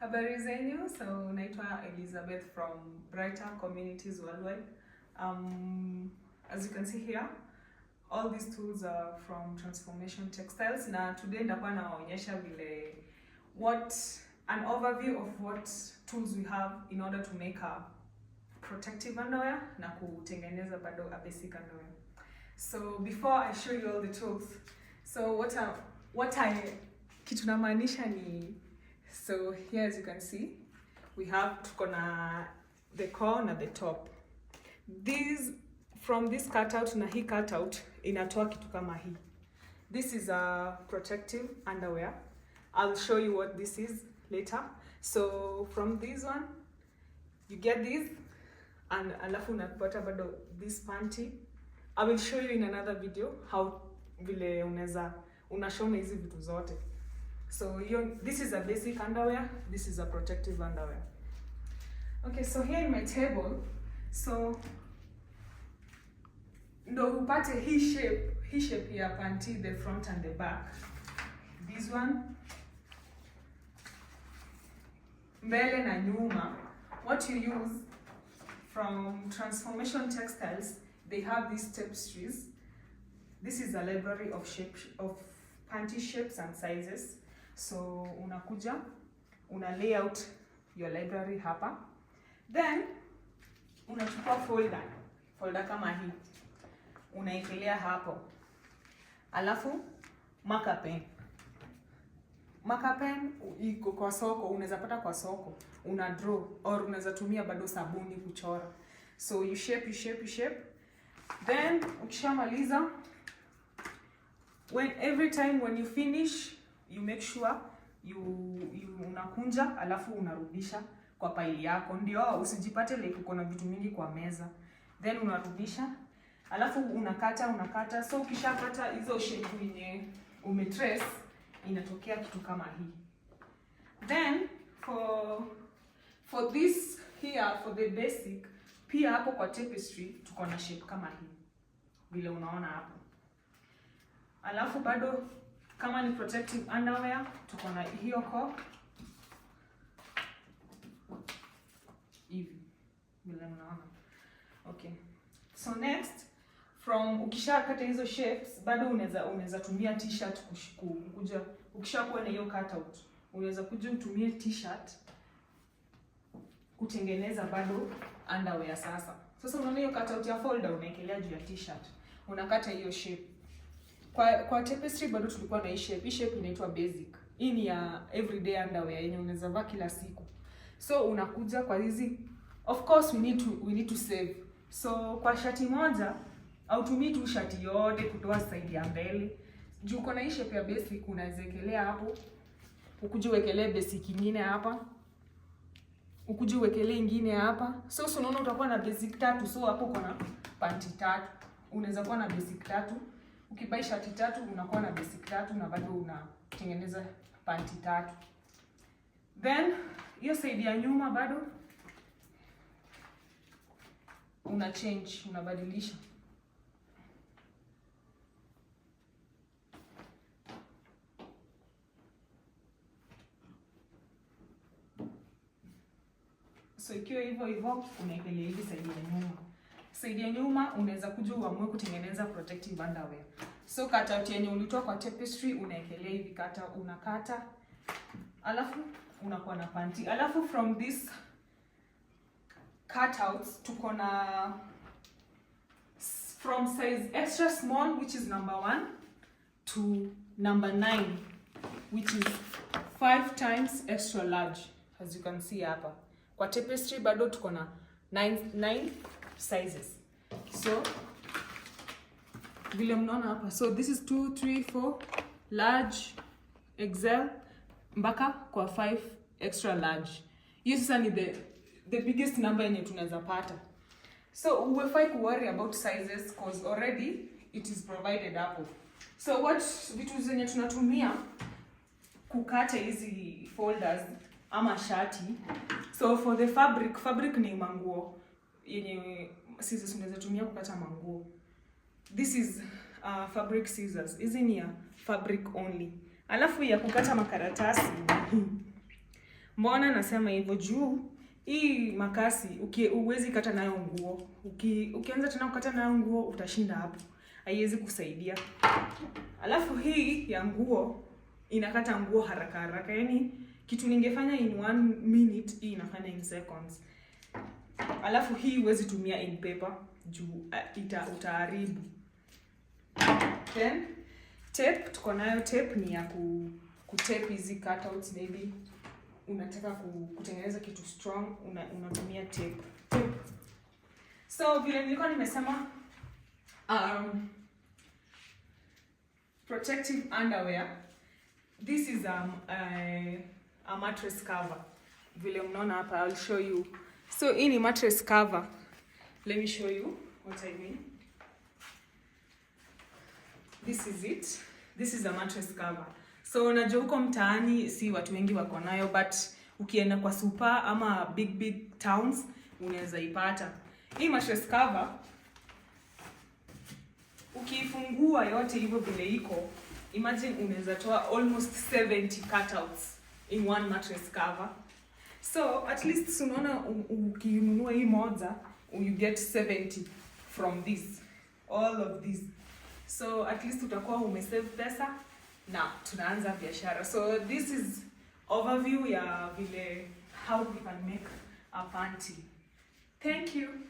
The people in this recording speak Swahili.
Habari zenyu, so naitwa Elizabeth from Brighter Communities Worldwide. Um, as you can see here, all these tools are from Transformation Textiles na today nitakuwa nawaonyesha vile what an overview of what tools we have in order to make a protective underwear na kutengeneza bado a basic underwear. So before I show you all the tools, so what I, what I kitu namaanisha ni So here as you can see, we have tuko na the core na the top. These from this cutout na hii cutout inatoa kitu kama hii. This is a protective underwear. I'll show you what this is later. So from this one you get this and alafu unapata bado this panty. I will show you in another video how vile unaweza unashona hizi vitu zote. So you, this is a basic underwear, this is a protective underwear. Okay, so here in my table, so ndo upate his shape, his shape here panty, the front and the back. This one, mbele na nyuma. What you use from Transformation Textiles, they have these tapestries. This is a library of shape of panty shapes and sizes. So unakuja una layout your library hapa, then unachukua folder folder kama hii unaekelea hapo, alafu marker pen marker pen iko kwa soko, unaweza pata kwa soko, una draw or unaweza tumia bado sabuni kuchora. So you shape, you shape, you shape. Then ukishamaliza when every time when you finish you make sure you, you unakunja alafu unarudisha kwa paili yako, ndio usijipate like uko na vitu mingi kwa meza, then unarudisha alafu unakata unakata. So ukishakata hizo shape yenye umetres inatokea kitu kama hii. Then for for this here for the basic, pia hapo kwa tapestry tuko na shape kama hii vile unaona hapo, alafu bado kama ni protective underwear tuko na hiyo ko hivi vile mnaona. Okay, so next from ukisha kata hizo shapes bado unaweza unaweza tumia t-shirt kukuja, kuwa na hiyo cut out unaweza kuja utumie t-shirt kutengeneza bado underwear. Sasa sasa unaona hiyo cut out ya folder unaekelea juu ya t-shirt, unakata hiyo shape kwa kwa tapestry bado tulikuwa na hii shape. Hii shape inaitwa basic. Hii ni ya everyday underwear yenye unaweza vaa kila siku. So unakuja kwa hizi of course we need to we need to save. So kwa shati moja au tumi tu shati yote kutoa side ya mbele. Juu uko na hii shape ya basic unawezekelea hapo. Ukuje uwekelee basic nyingine hapa. Ukuje uwekelee nyingine hapa. So sio unaona utakuwa na basic tatu. So hapo kuna panty tatu. Unaweza kuwa na basic tatu. Ukibai shati tatu unakuwa na basic tatu na bado unatengeneza panti tatu. Then hiyo side ya nyuma bado una change, unabadilisha So ikiwa hivyo hivyo unaipelea hili side ya nyuma. Saidia nyuma unaweza kuja uamue kutengeneza protective underwear. So out yenye ulitoa kwa tapestry unaekelea hivi kata, unakata alafu unakuwa na panti. Alafu from this cutouts tuko na from size extra small which is number 1 to number 9 which is 5 times extra large as you can see hapa. Kwa tapestry bado tuko na 9 9 sizes so vile mnaona hapa so this is 2 3 4 large excel mpaka kwa 5 extra large hiyo sasa ni the the biggest number yenye tunaweza pata so uwefai ku worry about sizes cause already it is provided hapo so what vitu zenye tunatumia kukata hizi folders ama shati so for the fabric fabric ni manguo yenye scissors unaweza tumia kukata manguo. This is uh, fabric scissors. Hizi ni ya fabric only. Alafu ya kukata makaratasi mbona nasema hivyo juu hii makasi uwezi kata nayo nguo. Uki, ukianza tena kukata nayo nguo utashinda hapo, haiwezi kusaidia. Alafu hii ya nguo inakata nguo haraka haraka, yani kitu ningefanya in one minute hii inafanya in seconds. Alafu hii huwezi tumia in paper juu uh, ita utaharibu. Then tape tuko nayo, tape ni ya ku ku tape hizi cutouts maybe unataka kutengeneza kitu strong una, unatumia Tape. So vile nilikuwa nimesema um, protective underwear. This is a, um, a, uh, a mattress cover. Vile mnaona hapa, I'll show you So hii ni mattress cover. Let me show you what I mean. This is it. This is a mattress cover. So unajua huko mtaani si watu wengi wako nayo but ukienda kwa super ama big big towns unaweza ipata. Hii mattress cover ukiifungua yote hivyo vile iko, imagine unaweza toa almost 70 cutouts in one mattress cover. So at least unaona ukinunua hii moja you get 70 from this all of this, so at least utakuwa umesave pesa na tunaanza biashara. So this is overview ya vile how we can make a panty. Thank you.